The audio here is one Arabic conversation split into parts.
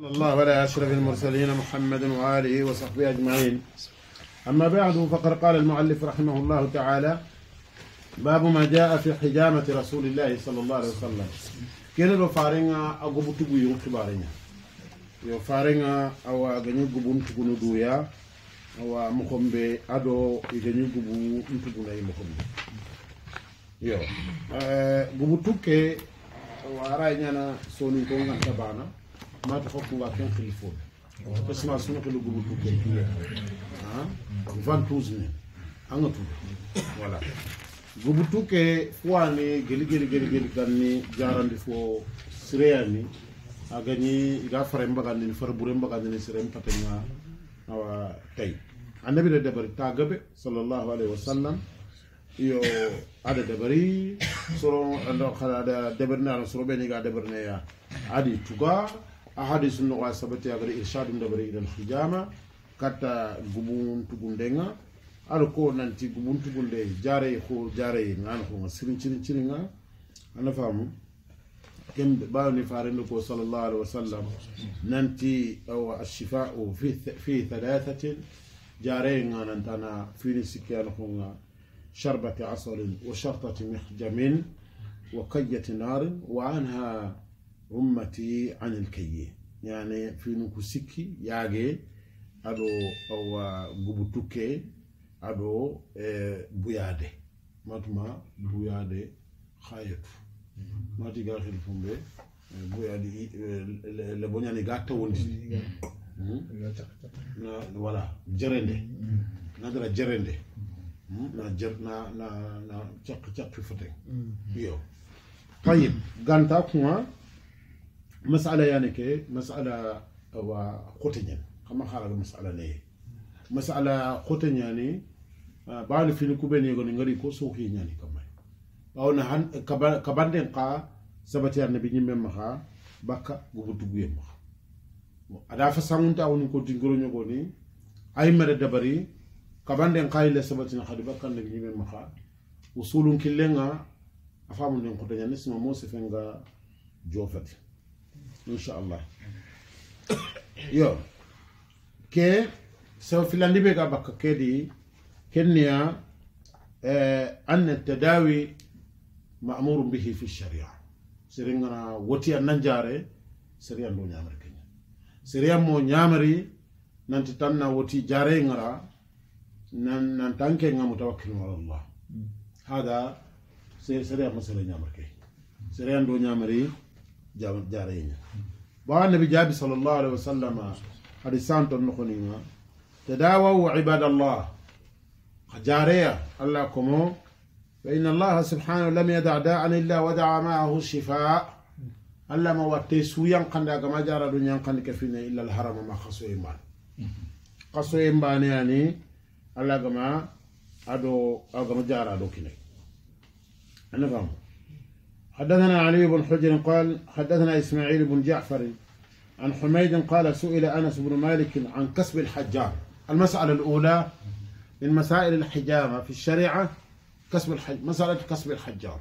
صلى الله على أشرف المرسلين محمد وآله وصحبه أجمعين أما بعد فقد قال المؤلف رحمه الله تعالى باب ما جاء في حجامة رسول الله صلى الله عليه وسلم كلا لو فارنا أقبو تقوي يوم yo farenga awa ganyu gubu ntugunu duya awa mukombe ado iganyu gubu ntuguna yi mukombe yo gubu tukke awa ara nyana soni ko nganta bana ma taxo kunga ken xiri fo ke sima suna ke lugubu ku ke tuye van tous ne anga tu wala gubu tu ke fuani geli geli geli geli ganni jarandi fo sireyani agani iga fare mbagandi ni kan ya fare bure mbagandi ni sirem patenga awa tay annabi da dabari tagabe sallallahu alaihi wasallam yo ada debari, soro ando khala da dabari na soro be ni ga dabari ne ya adi tuga أحاديث النقاط سبتي أغري إرشاد النبري إلى الحجامة كتا غبون تبوندنا أركو نانتي غبون تبوندي جاري خو جاري نان خو سرين سرين سرين أنا فاهم كم بعد نفار النبي صلى الله عليه وسلم نانتي أو الشفاء في في ثلاثة جاري نان أنتنا في نسكيان خو شربة عصر وشرطة محجم وكية نار وعنها ummati anil kayye yani finu ku sikki yaage aɗo awa gubu tukke aɗo e buyade matuma buyade hayatu matiga hilfumɓe buyadi le boñani ga tawondi hmm? voilà jerende hmm. nagara jerende hmm? na jer na na na caq caq fi foten iyo tayib ganta kuma masala yani ke masala wa khotenyen kama kharaga masala ne masala khotenyani baalu fini kubeni goni ngari ko sohi nyani kamay na han kabanden qa sabati annabi nyimme maha bakka gugu duguye maha ada fa sangunta woni ko dingoro nyogoni ay mere dabari kabanden qa ile sabati na khadi bakka annabi nyimme maha usulun killenga afamu nden khotenyani sima mose fenga jofati inchallah yo ke saw filandi beka ga bakka kedi eh, anna tadawi ma'mur bihi fi sharia serengana wotiya nanjare seria ndo ñamari keña seria mo nyamari nanti tan na woti jare ngara nan nan tanke nga mutawakkil ala allah hmm. hada seria seria ñamari ke seria ndo nyamari jaarayna bo annabi jaabi salallahu alayhi أن sallama hadi santon nokonima te daawa wa أن ka jaareya allah komo فإن الله سبحانه لم يدع داعا إلا أن معه الشفاء ألا ما واتيسو ينقن لك ما جارة ينقن كفينا إلا الحرم ما خسو إيمان خسو إيمان يعني أن كما أدو أغم جارة دو كنا أنا فهمه حدثنا علي بن حجر قال حدثنا إسماعيل بن جعفر عن حميد قال سئل أنس بن مالك عن كسب الحجار المسألة الأولى من مسائل الحجامة في الشريعة كسب الحج مسألة كسب الحجار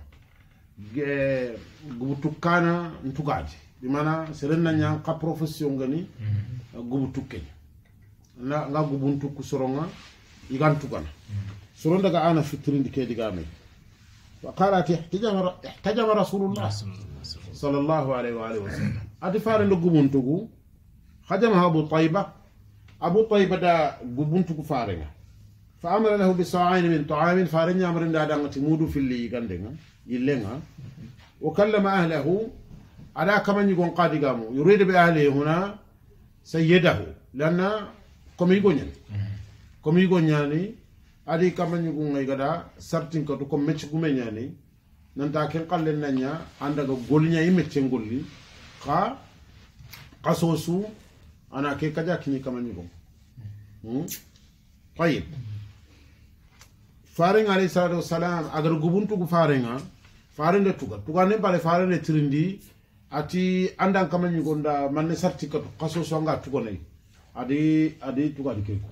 قبطكانا نتقعد بمعنى سرنا كا بروفيسيون غني قبطكي لا قبطك سرنا يغان تقعنا سرون دغا أنا في الترين كي دقا وقالت احتجم احتجم رسول الله صلى الله عليه واله وسلم ادفار لغبونتغو خجم ابو طيبه ابو طيبه دا غبونتغو فارنا فامر له بساعين من طعام فارنا امر دا دان تمودو في اللي غندنا يلنا وكلم اهله على كمان يكون قاضي قامو يريد باهله هنا سيده لان كم يقول يعني؟ كم يقول يعني adi kamañugu ngai gada sartin ko mecci gume ñani nanta ken qalle gol nya yi mecc ngolli kha qaso su ana ke kaja kini hmm tayib farenga alayhi salatu salam agar gubuntugu farenga farende tuga tugane bale farende trindi ati andan nda manne ko qaso su anga ne adi adi tugadi keko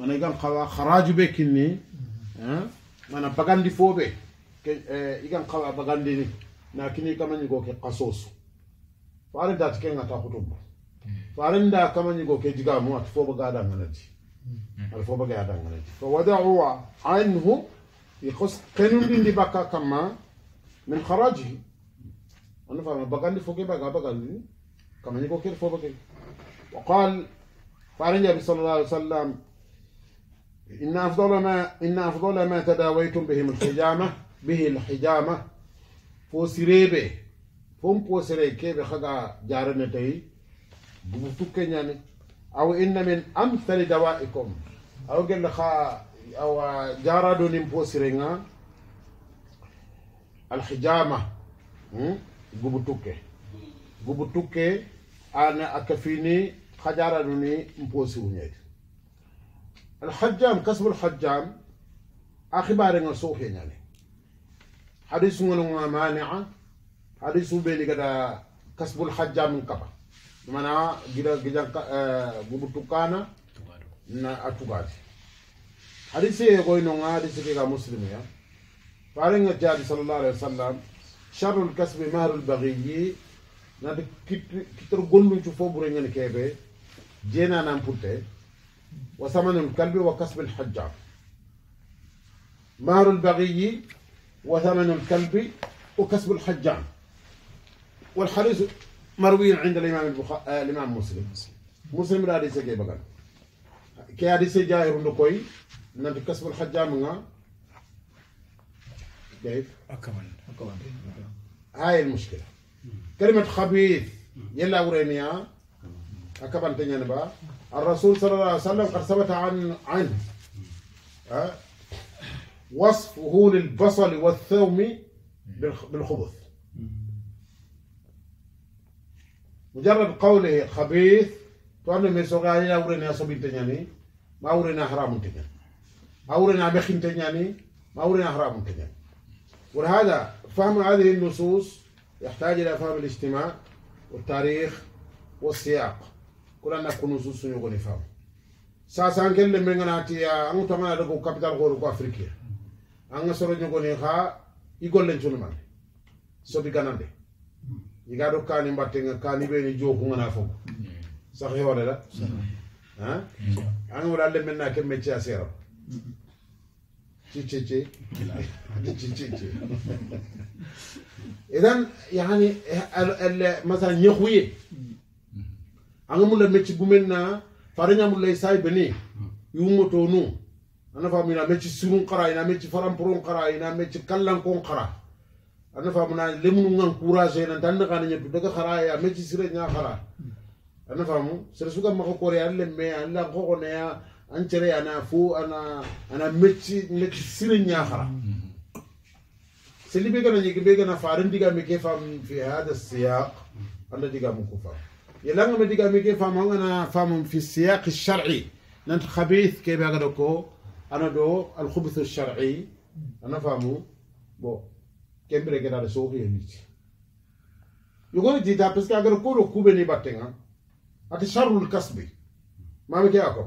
mana igan kawa haraju be kinni mana bagandi foɓe igan kawa bagandini na kini kamañigo ke kasosu faren dati kengata hutumba faren da kamañigo ke digamu ati foɓa ga danganati ata foɓa ga danganati fa wadauwa anhu ikos kenundindi bakka kamma min harajihi ana fama bagandi foke baga bagandini kamañigo kede foɓa ke wa qal faren jabi sallallah alih w sallam إن أفضل ما إن أفضل ما تداويتم بهم الحجامة به الحجامة فوسيريبه فم فوسيري كيف خدا جارنا تهي بمتوك يعني أو إن من أمثل دوائكم أو قال خا أو جاردو نمفوسيرينا الحجامة gubutukke gubutukke ana akafini khajaranuni mposiwuñeede الحجام قسم الحجام أخبار الصوفي يعني حديث من مانعة حديث بين كذا قسم الحجام من كبا بمعنى جدا جدا بوبتوكانا آه، نا أتوغادي حديث يقول نوع حديث كذا مسلم يا فارنغ جاري صلى الله عليه وسلم شر الكسب مهر البغي نا كتر كتر قلنا شوفوا برينغ كيبه جينا نام بوتة وثمن الكلب وكسب الحجار مهر البغي وثمن الكلب وكسب الحجام والحديث مروي عند الامام البخ... آه الامام مسلم مسلم لا ليس كي بغل كي حديث جاي رند كوي كسب الحجام نا كيف اكمل اكمل هاي المشكله كلمه خبيث يلا ورينيا اكبل تنيا با الرسول صلى الله عليه وسلم قد ثبت عن عنه أه؟ وصفه للبصل والثوم بالخبث مجرد قوله خبيث توانو مي سوغا يعني يا ورنا سوبين تنياني ما ورنا حرام تنياني ما ورنا بخين تنياني ما ورنا حرام تنياني ولهذا فهم هذه النصوص يحتاج إلى فهم الاجتماع والتاريخ والسياق kuranna kunusu suñogoni faamu sasan kelle me ganatiya anga tongana dago capital goru ko afrique anga soro ñogoni ha i gollen cunumane sobi ganande iga do kani mbattenga kani ɓeni jokugana fogo sax hewade la anga wala le menna ke métier a seerao cicece cicece idan yani مثلا يخويه angamula mechi gumenna farenyamulla isai beni yumotonu ana famina mechi surun kara ina mechi faramporon kara ina mechi kallankon kara ana famuna lemunu ngan courage nan tan kana nyedu daga kara ya mechi sire nya kara ana famu sire suka mako kore an lemme an la ko ne ya an cere ana fu ana ana mechi mechi sire nya kara selibe kana nyike be kana farin diga meke fam fi hada siyaq anda diga mu يلانغ ما ديغا ميكي فام انا فام في السياق الشرعي نانت خبيث كي بي دوكو انا دو الخبث الشرعي انا فامو بو كي بري كدار سوخ يميت يقول دي دا بس كاغر كو رو كوبي ني باتين اتي شر الكسب ما ميكي اكو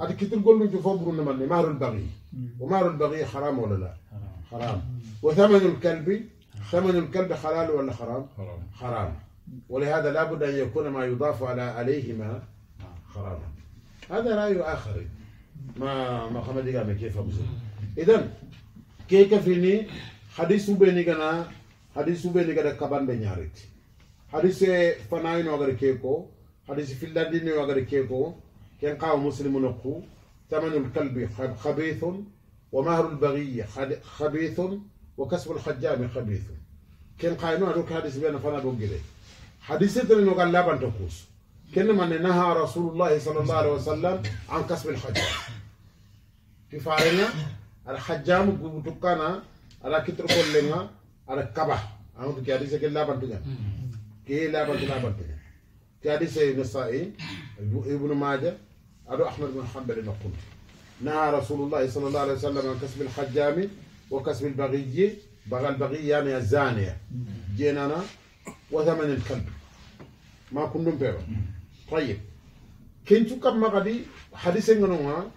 اتي كيتن كول نجو فوبرو نمال ني مارو البغي ومارو البغي حرام ولا لا حرام وثمن الكلب ثمن الكلب حلال ولا حرام حرام, حرام. حرام. ولهذا لا بد أن يكون ما يضاف على عليهما خرابا هذا رأي آخر ما ما خمد يقام كيف أبوزه إذن كيف فيني حديث بيني كنا حديث بيني كنا كبان بنياريت حديث فناين وغير كيكو حديث الدين وغير كيكو كان قاو مسلم نقو ثمن الكلب خبيث ومهر البغي خبيث وكسب الحجام خبيث كان قاينو هذوك حديث بين فنا بوغيلي حديث ترين وقال لابن تقوس كلمة نهى رسول الله صلى الله عليه وسلم عن كسب الحج في فارنا الحجام بوتوكانا على كتر كلنا على كبا أنا تكي حديث كي لابن تجان كي لابن تلابن تجان كي حديث النسائي ابن ماجه أدو أحمد بن حنبل نقول نهى رسول الله صلى الله عليه وسلم عن كسب الحجام وكسب البغي بغى البغي يعني الزانية جينا وثمن الكلب ما كنتم بيرا طيب كنتو كما غادي حديثي نغنوها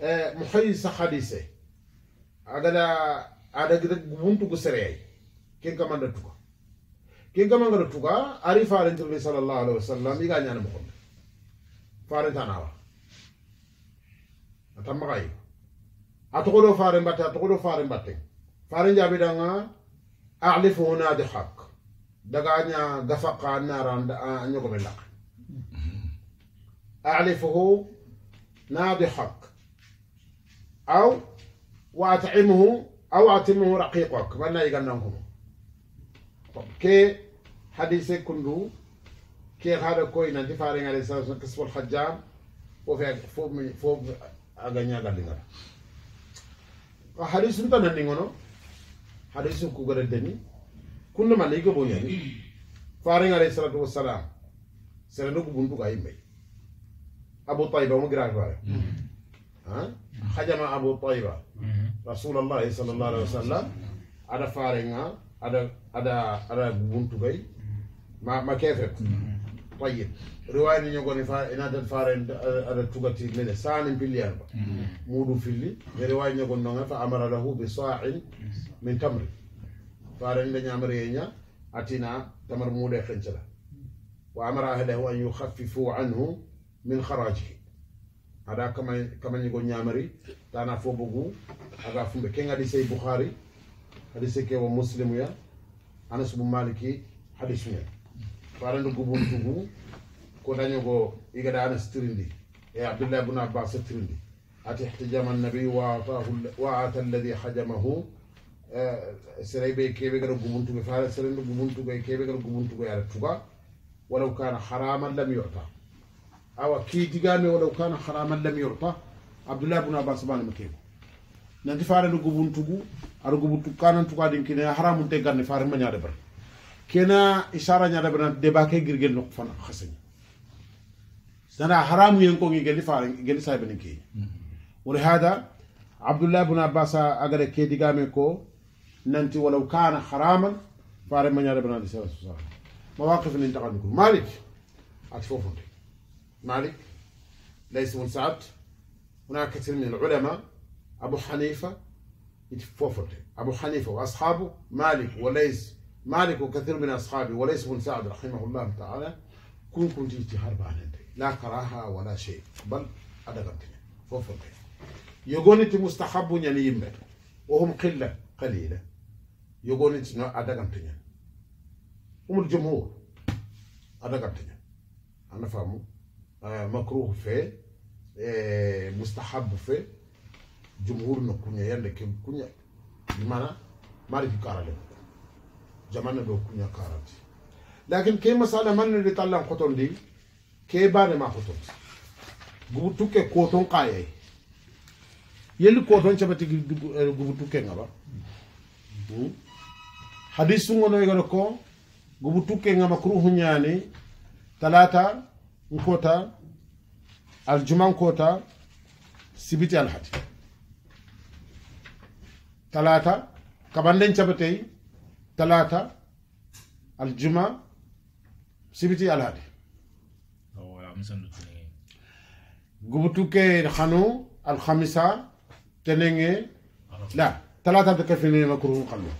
آه، محيصة حديثي أغلا أغلا كده قبونتو كسرعي كن كما ندتوكا كن كما ندتوكا أري فارن تلبي صلى الله عليه وسلم يغا نيانا مخون فارن تاناوا أتم غايب أتقولوا فارن باتي أتقولوا فارن باتي فارن جابي دانا أعلف هنا دي حق daga nya gafaqa nara nyugo belak أعلفه ناضحك أو وأطعمه أو أطعمه رقيقك من يغنمكم كي حديث كندو كي هذا كوي نانتي فارين عليه الصلاة والسلام كسب الحجام وفي فوق فوق أغنيا غالي آه، حديث نتا نانيغونو حديث كوغر الدني kunna ma lego bonyani faring alayhi salatu wassalam sere no gubundu ga yimbe abu tayba mo gran gore ha hajama abu tayba rasulullah sallallahu alaihi wasallam ada nga ada ada ada gubundu gay ma ma kefe tayib riwaya ni ngoni fa ina tan faren eh, ada tugati mele sani pilian ba hmm. mudu filli riwaya ni ngon nga fa amara lahu bi sa'in min tamri فارن دنيا مرينيا أتينا تمر مولى خنجرة وأمر أهله أن يخففوا عنه من خراجه هذا كما كما يقول نعمري تانا فوبوغو هذا فم كينغ هذا سي بخاري هذا سي كيو مسلم يا أنا سب مالكي هذا سمي فارن دعوبون تغو كونا يقو إذا أنا ستريندي يا عبد الله بن عباس ستريندي أتحتجم النبي وعطاه وعطى الذي حجمه serebe kebe gara gumuntu ge fara serende gumuntu ge kebe gara gumuntu ge ala tuga walau kana haraman lam yu'ta awa ki digame walau kana haraman lam yu'ta abdullah ibn abbas ban makebo nanti fara do gumuntu gu ar gumuntu kanan tuga din kine haramun te ganne fara manya da bar kena isara nya da bar de ba ke girgel nok fana khasani sana haramu yen ko ngi gelli fara gelli saybe ni ke wala hada abdullah ibn abbas agare ke digame ko nanti walaw kana haraman fare mañade banade sera susala mawaqif مواقف اللي انتقل malik مالك أتفوفك مالك ليس من سعد هناك كثير من العلماء أبو حنيفة يتفوفك أبو حنيفة وأصحابه مالك وليس مالك وكثير من أصحابه وليس من سعد رحمه الله تعالى كون كنت يتهرب عن لا كراهة ولا شيء بل أدغمت فوفك يقول أنت مستحب يعني يمت وهم قلة قليلة yogoni sino a dagantañen umul jom o a ana famu eh, makruh fe e eh, mustahab fe jumhur no kuña yande ke kuña mana mariki karalen jamana ɗo kuña karati lakin ke masala mannede tallan kotondi ke banema kotondi gubutuke koton kayay yelli koton caɓati gubutuke eh, ngaba mm. حديث سنغنو يغنكو غبو توكي نغا مكروه نياني تلاتة نكوتا الجمع نكوتا سبيتي الحد تلاتة كباندين شبتي تلاتة الجمع سبيتي الحد غبو توكي نخانو الخامسة تنينغي لا ثلاثة تكفيني مكروه نخانو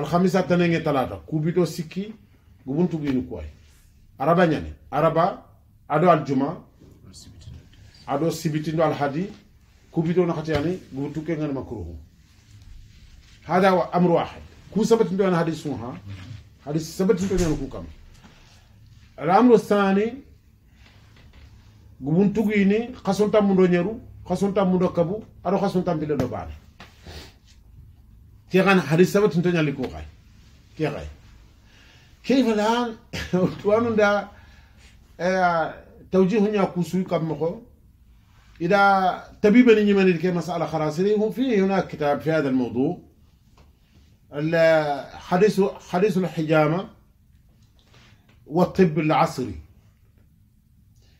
alhamisa tanenge talata kubito sikki gubuntu gini kuwai araba ñani araba ado aljuma ado sibitindo alhadi kubito nakhatiyani gubuntu ke ngani makruhu hada wa amru wahid ku sabatindo an hadis suha hadis sabatindo ñani ku kam alamru sani gubuntu gini khasonta mundo ñeru khasonta mundo kabu ado khasonta mbile do bana كيغان حديث سبت تنتني اللي كوخاي كيغاي كيف الآن توانو دا آه، توجيه نيا كوسوي كاب مخو إذا طبيب نيمان كي مسألة خلاصية هم في هناك كتاب في هذا الموضوع الحديث حديث الحجامة والطب العصري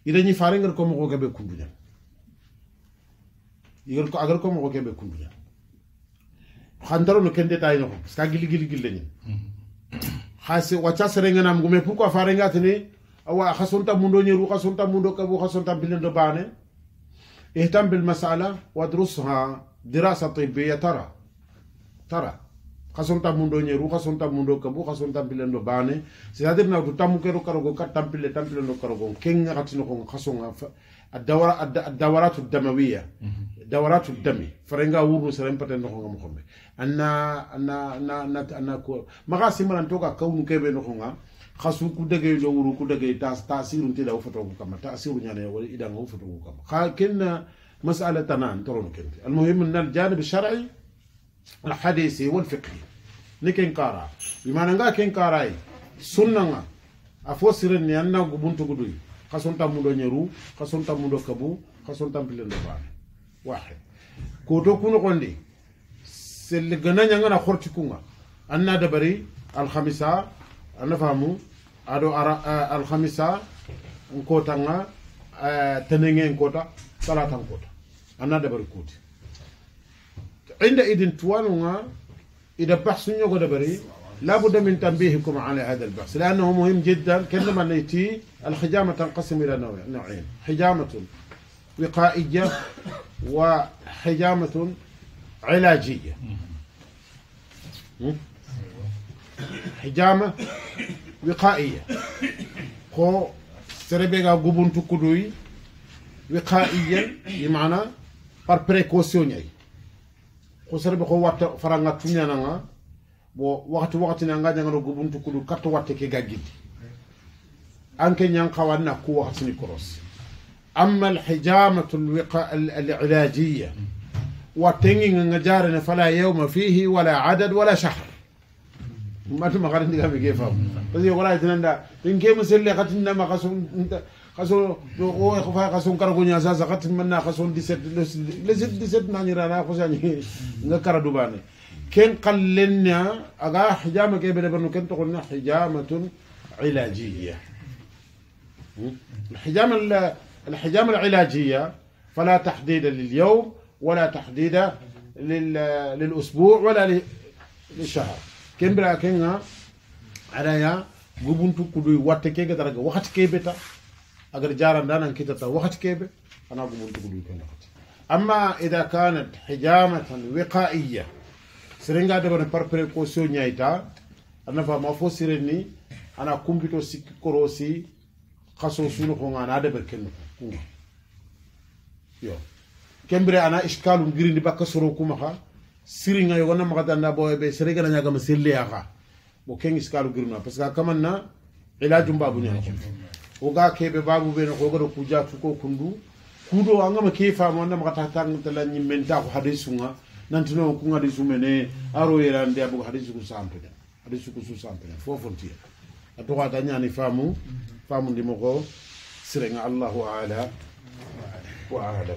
إذا ني فارنغر كومو كبه كوندو يقول أغر كومو كبه كوندو xandaro no ken détail no parce que gili gili gili ni khase wacha serenga nam gume puko afarenga tene awa khasonta mundo nyeru khasonta mundo kabu khasonta bilendo bane اهتم بالمسألة وادرسها دراسة طبية ترى ترى خسون تامون دو نيرو خسون تامون دو كبو خسون تامبيلن دو باني سيادر ناو تامو كيرو كارو كات تامبيل تامبيلن دو كارو كين غاتينو خسون الدورة الدورات الدموية دورات الدم فرنجا ورو سرين بتن نخونا مخمة أنا أنا أنا أنا أنا كو ما قاسي ما نتوقع كون كيف نخونا خاصو كودعي لو ورو كودعي تاس تاسير تاسيرون تدا فتوه كم تاسير يعني ولا إذا هو فتوه كم خا كنا مسألة تنان ترون كنت المهم أن الجانب الشرعي الحديثي والفقهي نكين كارا بما نجا كين كاراي سنة أفوسرني أنا قبنت قدوي Kasunta mundo nyeru, kasonta mundo kabu pilen do bar wahe ko to kuno gonde sel gana nyanga na khorti kunga anna dabari al khamisa anafamu ado ara eh, al khamisa ko tanga eh, tanenge kota salatan kota anna dabari kuti inda idin tuwanu nga ida bahsu nyogo dabari لا بد من تنبيهكم على هذا البحث لأنه مهم جدا كلما نأتي الحجامة تنقسم إلى نوعين حجامة وقائية وحجامة علاجية حجامة وقائية كو serebe ga gubuntu وقائيا wiqaiyan بار بريكوسيون précaution كو ko serebe ko watta faranga bo wakati wakati na nga nyangaro gubuntu kudu kato wate ke gagidi anke nyankawa na ku wakati ni korosi amma الحجامة العلاجية وتنين نجارنا فلا يوم فيه ولا عدد ولا شهر ما تما قال انت كيف كيف بس يقول لك ان ان كيف مسلي قتلنا ما قسم قسم هو خفا قسم كرغونيا زازا قتلنا قسم 17 17 ناني رانا قسم نكر دبانه كن قلنا aga حجامة ke bele banu تقولنا حجامة علاجية الحجامة الحجامة العلاجية فلا تحديد لليوم ولا تحديد للأسبوع ولا للشهر كن بلا كنا على يا غبنتو كدوي وقت كي غدار وقت كي بيتا أجر جارا دانا كي وقت كي انا غبنتو تقولي كن اما اذا كانت حجامة وقائية serenga debana par précaution nyaita, ana ma fo sireni, ana kumpito sikki korosi kaso sunoxonga ana deber kenno kunga yo kembre ana iskalum girindi bakka soro kumaxa siringa yogona na danda ma serengana ya ha, bo keng iskalu girna parce que a kamanna ilajum babu ñana oga keɓe babu ko kogoɗo kuja tuko kundu kuɗo ma ke ma anda maxa taxtangtala hadisunga. sunga nantino kun hadisu sumene aro era yerande abugo hadisu ku sampene hadisu ku su sampene fofontiye a togata famu famu ndi moko sirenga allahu ala wa ala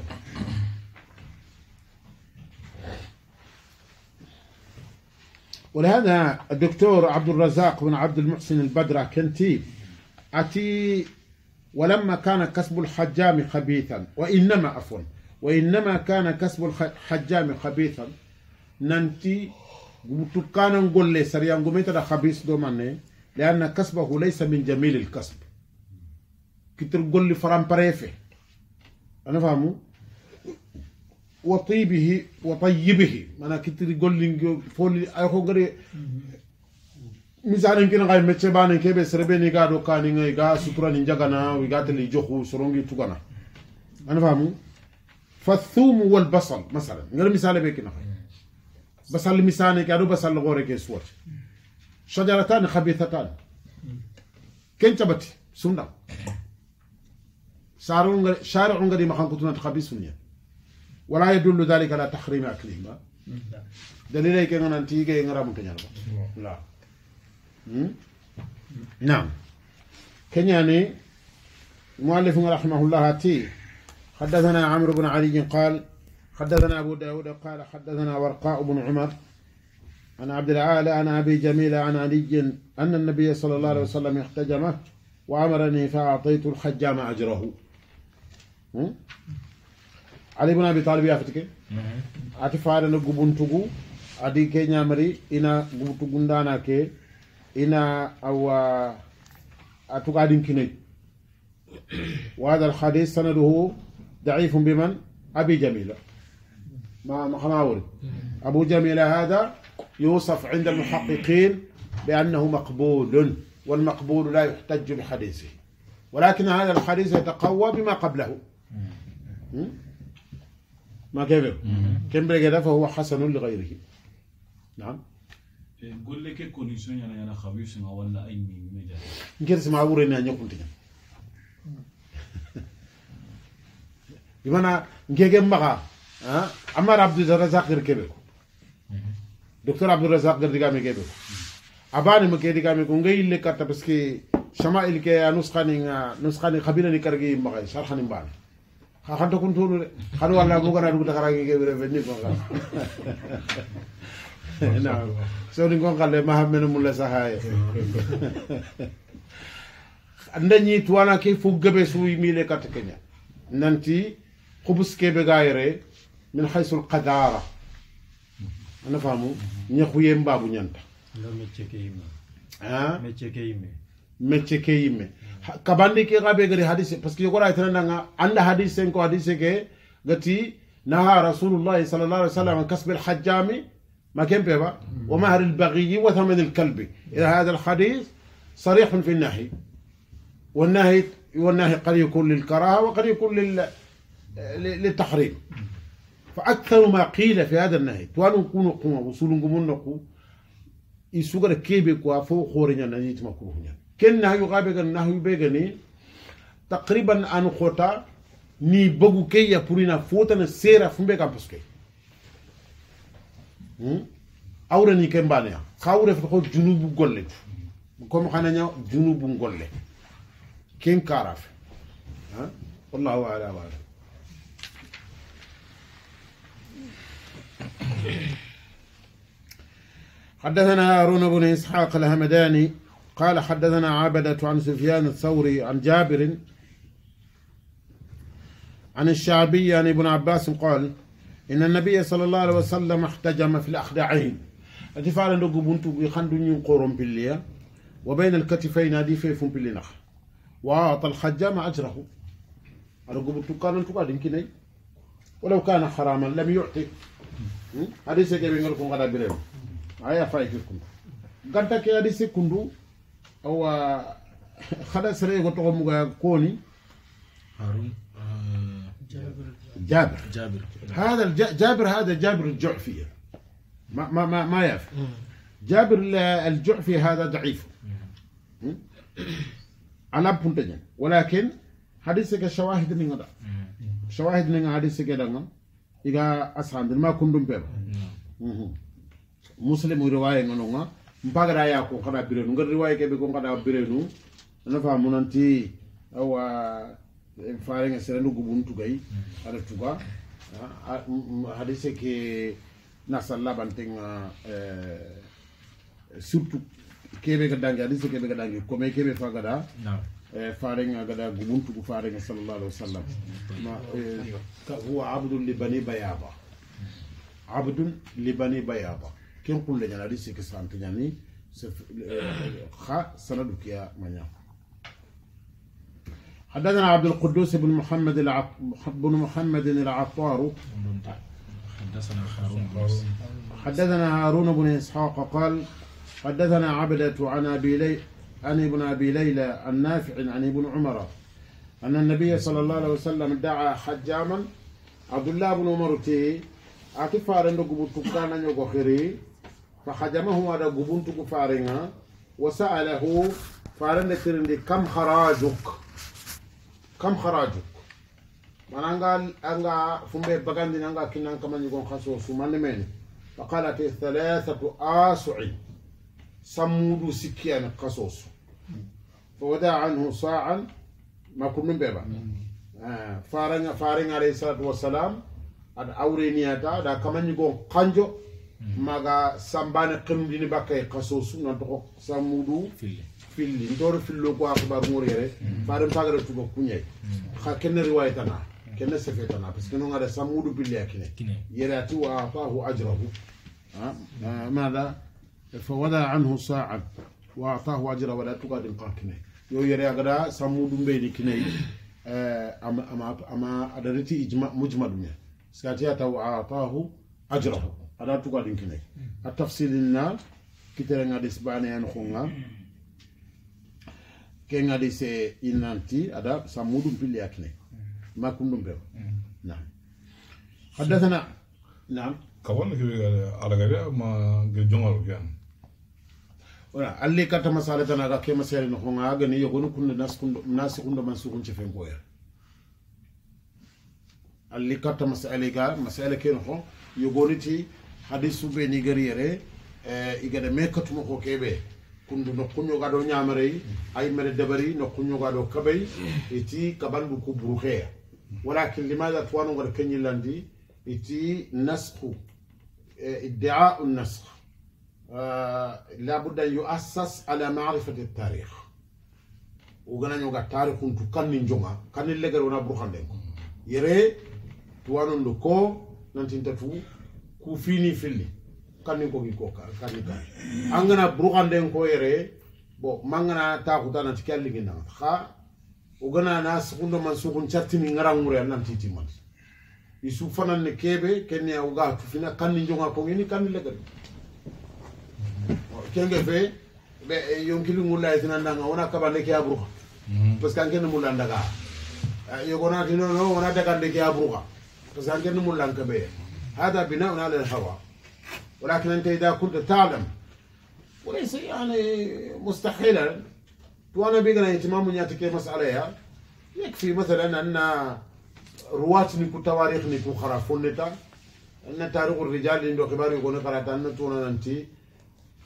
ولهذا الدكتور عبد الرزاق بن عبد المحسن البدرة كنتي أتي ولما كان كسب الحجام خبيثا وإنما عفوا وإنما كان كسب الحجام خبيثا ننتي تكانا نقول لي سريا نقول خبيث دوماني لأن كسبه ليس من جميل الكسب كتر قول لي فرام بريفي أنا فهمه وطيبه وطيبه أنا كتر قول لي فولي أخو قري misanin kina kai mece bani kebe serebe ni ga doka ni ga sutura ni jagana wi ga tele joku sorongi tugana an famu فالثوم والبصل مثلا غير مثال بك نخي بصل مثاني كانوا بصل غورك سوات شجرتان خبيثتان كين تبتي سنة شارع غادي ما خنقطنا تخبيث ولا يدل ذلك على تحريم أكلهما دليل هيك أنا أنتي كي أنا رامن لا نعم كنياني مؤلف رحمه الله تي حدثنا عمرو بن علي قال حدثنا أبو داود قال حدثنا ورقاء بن عمر عن عبد العال عن أبي جميل عن علي أن النبي صلى الله عليه وسلم احتجمه وأمرني فأعطيت الحجام أجره علي بن أبي طالب يافتك أتفعل نقبون تقو أدي كي نعمري إنا قبتقون دانا كي إنا أو أتقادين كني وهذا الحديث سنده ضعيف بمن؟ أبي جميلة ما حناوري أبو جميلة هذا يوصف عند المحققين بأنه مقبول والمقبول لا يحتج بحديثه ولكن هذا الحديث يتقوى بما قبله ما كيف كم كده فهو حسن لغيره نعم إيه، قل لك كونيشن يعني انا خبيث ولا اي من مجال كيرس معور ان يكون تجاه imana ngege maga amar abdourazak gir kebe ko docteur abdourazak gir digame kebe ko abani mo ke digame ko ngay le karta parce que sama il ke anuskhani nga nuskhani khabila ni kargi maga sharhani ban ha khanta kun tonu de khadu wala mo gana dugu takara ngi kebe re ni ko na so ni ko khale mahamene mulla sahaye andañi tuwana ke fo gebe su mile karta kenya nanti قبس كي بغايري من حيث القدارة أنا فهمو نيخوي مبابو نيانتا لا ها ميتشي كي يمي kabandi ke gabe gari hadise parce que yogora itana nanga anda hadise ko hadise ke gati الله rasulullah sallallahu alaihi wasallam kasb alhajami ما كان بيبا ومهر البغي وثمن الكلب إذا هذا الحديث صريح في النهي والنهي والنهي قد يكون للكراهه وقد يكون لل للتحريم فاكثر ما قيل في هذا النهي توان نكون قوم وصول نقول نقول يسوغر كيبي كوا فو خورنيا نيت مكروهنيا كن نهي غابك النهي بيغني تقريبا ان خوتا ني بوغو كي يا بورينا فوتا سيرا فمبي كامبسكي هم اورني كيمبانيا خاوره فتو جنوب غولت كوم خانا نيا جنوب غولت كيم كاراف ها والله اعلم اعلم حدثنا هارون بن إسحاق الهمداني قال حدثنا عبدة عن سفيان الثوري عن جابر عن الشعبي عن ابن عباس قال إن النبي صلى الله عليه وسلم احتجم في الأخدعين أتي فعلا نقو بنتو يخندون بالليا وبين الكتفين أدي فيفون وأعطى الحجام أجره أرقو بنتو كانوا تقادين كني ولو كان حراما لم يعطي هادي se kebe جابر جابر هذا جابر هذا جابر الجعفي ما ما ما, ما يعرف جابر الجعفي هذا ضعيف على بنتجن ولكن حديثك شواهد من هذا شواهد من حديثك ده iga asrandirma kundum pe mm-hmm. muslim riwaya ngono nga mpagara ya ko kada bire nu riwaya ke be ko kada bire nu na fa munanti awa faare nga serenu gubun tugay mm-hmm. ada tuga hadise ke na salla bantenga eh, surtout kebe ga dangi hadise kebe ga dangi kome kebe fagada فارين غدا غبون تو فارنغا صلى الله عليه وسلم ما إيه، هو عبد لبني بيابا عبد لبني بيابا كم كل جنا دي سيك سانت جاني خا سندك يا مانيا حدثنا عبد القدوس بن محمد العط... بن محمد العطار حدثنا هارون حدثنا هارون بن اسحاق قال حدثنا عبدة عن ابي عن ابن أبي ليلى عن نافع عن ابن عمر أن النبي صلى الله عليه وسلم دعا حجاما عبد الله بن عمر تي أكفار نقبو تكانا نيوكو خيري فحجمه على قبون تكفارنا وسأله فارن كم خراجك كم خراجك mananga انغا fumbe bagandi nanga kinan كمان gon khaso sumane men فقالت الثلاثة آسعي سمودو سكيان قصوص فودا عنه صاعا ما كن من بابا آه، فارن فارن عليه الصلاه والسلام اد اوريني ادا دا كمان يغون قنجو ماغا سامبان قمدين باكاي قصوص نتو سمودو فيلي فيلي ندور في لوكو اخبار موريري فارن فاغر تو كوني خا كن روايتنا كن سفيتنا بس كنو غاد سمودو بيلي اكني يراتو وافاه اجره آه، آه، ماذا فودع عنه ساعة وأعطاه أجر ولا تقاد قاكنة يو يري أغدا سمود بين كني آه، أما أما أما أدرتي إجماع مجمل منه اتو اعطاه أجره أدا تقاد كني التفصيل لنا كتير غاديس باني أن خونا كين غاديس إنانتي أدا سمود بين كني ما كنتم به نعم حدثنا نعم كون على غير ما جونغ يعني wala alle kata masala tan aga ke masala no honga aga ni yogonu kunna naskundo nasikundo mansukun ci fen koya alle kata masala ga masala ke no yogoni ti hadisu be ni gari yere e eh, igada me katuma ko kebe kundu no kunyo ga do nyamare ay mere dabari no kunyo ga do kabay iti kabandu ku buruhe walakin limadha tuwanu gar kenyilandi iti nasku eh, u nasakh Uh, labudda an yuassas ala marifati tarikh ogana ñoga tarikhuntu kanni jonga kanni legere wona burhanden ko yere tuwanondo ko nantintatu ku fini filli kanni kogi ko kanni kan an burhanden ko yere bon mangana takuta nanti ke alligi nagata xa ogana na sugundo man sugun cartini ngaranŋure a nantitimani i sufananni kebe kenne oga tufina kanni jonga kogini kanni legere كينغ في يوم كيلو مولا يسنا نانا ونا كبان لكي أبروها بس كان كينغ مولا نداك يقولنا كينو نو ونا تكان لكي أبروها بس كان كينغ مولا نكبي هذا بناء على الهواء ولكن أنت إذا كنت تعلم وليس يعني مستحيلا وانا بيقنا اهتمام من ياتكي مسألة يكفي مثلا أن رواة نكو تواريخ نكو خرافون نتا أن تاريخ الرجال اللي عنده خبار يقولون خرافة أن تونا ننتي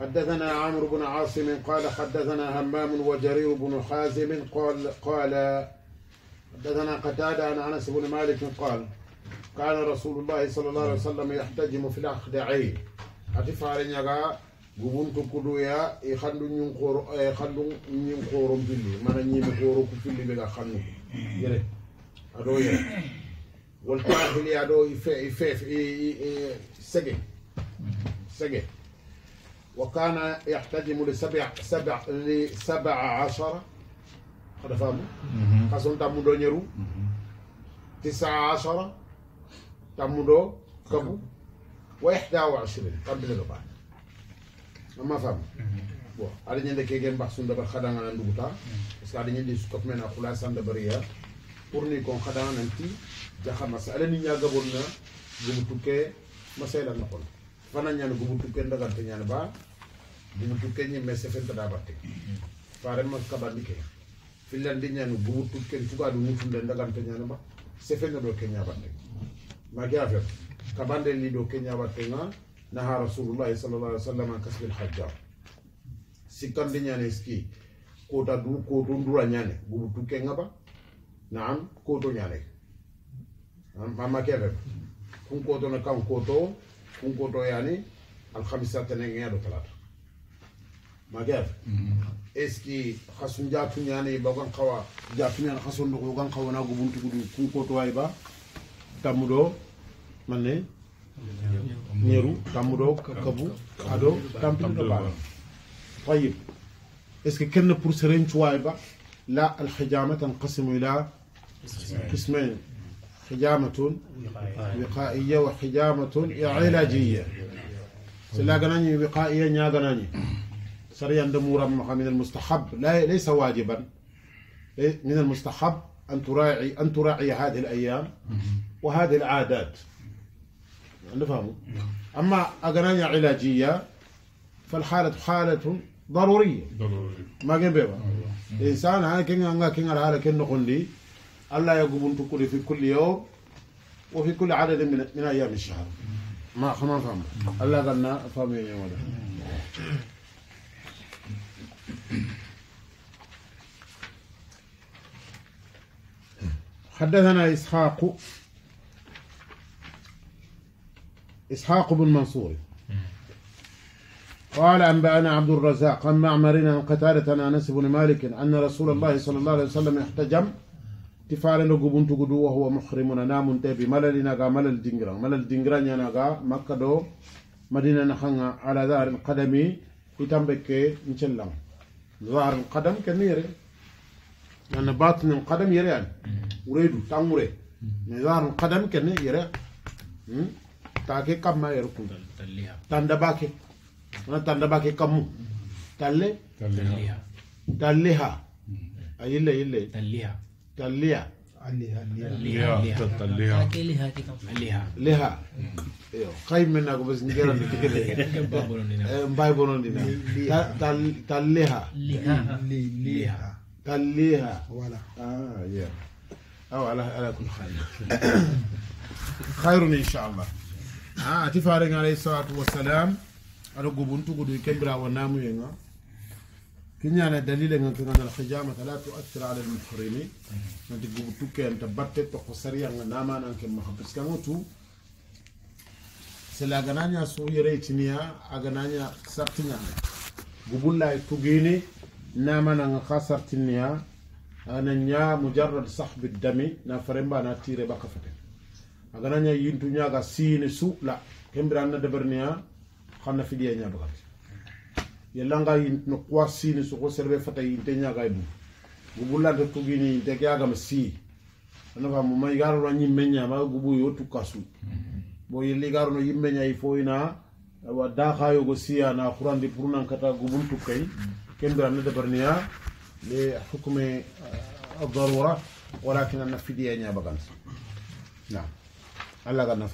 حدثنا عمرو بن عاصم قال حدثنا همام وجرير بن حازم قال قال حدثنا قتادة عن أنس بن مالك قال كان رسول الله صلى الله عليه وسلم يحتجم في الأخدعي أتفعل نجا gubuntu kuduya i xandu ñun xooro xandu ñun xooro mbili mana ñimi xooro ku filli be ga xandu yere ado yere wal tahili سجى i وكان يحتجم لسبع سبع لسبع عشرة هذا فهمه قصون تامودو نيرو تسعة عشرة تامودو كبو واحدة وعشرين قبل الأربعة ما فهم Boh, ada ñende ke gen bax sun dabar xadanga nan duguta parce que ada ñende su top mena khula san dabar ya pour ni kon ti ni ñaga fana ñani gubutu da dagante ñani ba gubutu ken ñimme sefenta da batte farema kabandi ke fillandi ñani gubutu ken tugadu mutunde dagante ñani ba sefenga do ken ñabatte magi affaire kabande li do ken ñabatte nga naha rasulullahi sallallahu alaihi wasallam kasbil hajjar sikandi ñani ski kota du koto ndura ñani gubutu ken nga ba naam koto ñani amma kebe kun koto na kan koto kunkoto yani alhamisa tene ngero talata magaf eski khasun jatu nyane bagan kawa jatu nyane khasun do gan kawa na go buntu gudu kunkoto ay ba tamudo manne nyeru tamudo kabu ado tampin do ba طيب اسكي كنا بورسرين شوائبه لا الحجامه تنقسم الى قسمين حجامة وقائية وحجامة علاجية ilajiya silla وقائية wiqaiya ñaganañi sariyande دمورا من المستحب لا ليس واجبا من المستحب أن تراعي أن تراعي هذه الأيام وهذه العادات نفهم يعني أما أغنانيا علاجية فالحالة حالة ضرورية ضرورية ما كان الإنسان هاي كين أنغا الحالة كين نقول الله يقبل تقول في كل يوم وفي كل عدد من من ايام الشهر ما خما فهم الله غنى فهم يا ولد حدثنا اسحاق اسحاق بن منصور قال أنبأنا عبد الرزاق عن معمرنا عن قتادة عن أنس بن مالك أن رسول الله صلى الله عليه وسلم احتجم tifarendo gubuntugu du wahuwa muhrimuna namun tepi malali naga malal dingiran malal dingiran yanaga makka do madina nahanga ala dharin qadami itambe ke nchellam dharin qadam ke nire nana batinin qadam yere yani uredu tangure ne dharin qadam ke ne yere take kamma yere kunda tandabake wana tandabake kammu talle talliha ayille ille talliha كالليها عليها عليها عليها عليها عليها عليها ايوه. قاي من أقول بس نجرا نتكلم بايبولون دينا تال تالليها ليها تالليها ولا آه يا أو على على كل حال خير إن شاء الله آه تفارق عليه الصلاة والسلام أنا قبنت قدوي كبرى ونامو ينا Kenyana dalil yang akan kita lihat jam adalah tu akhir alam muhrimi. Nanti kita tukar tempat itu khusyir yang nama yang kita mahapuskan itu. Selagananya suhi rate ni ya, agananya sabtu ni. Gubunda itu gini, nama yang khasar ni ya. Agananya mujarab sahbi dami, na frimba na tiri baka fakir. Agananya yuntunya gasi ni sukla, hembran na debernya, kana fidiya nya bagus. yellanga no kuwa sini soko serbe fata yinte ñagay gubula de tugini yinte ke agama si anafa garo ni menya ba gubu yo tukkasu bo yelli igarano yimme wa fo ina awa daxayogo sia na xurandi pour nankata gubun tukkay kembira na barnia le hukme الضرورة ولكن أن في دي نعم الله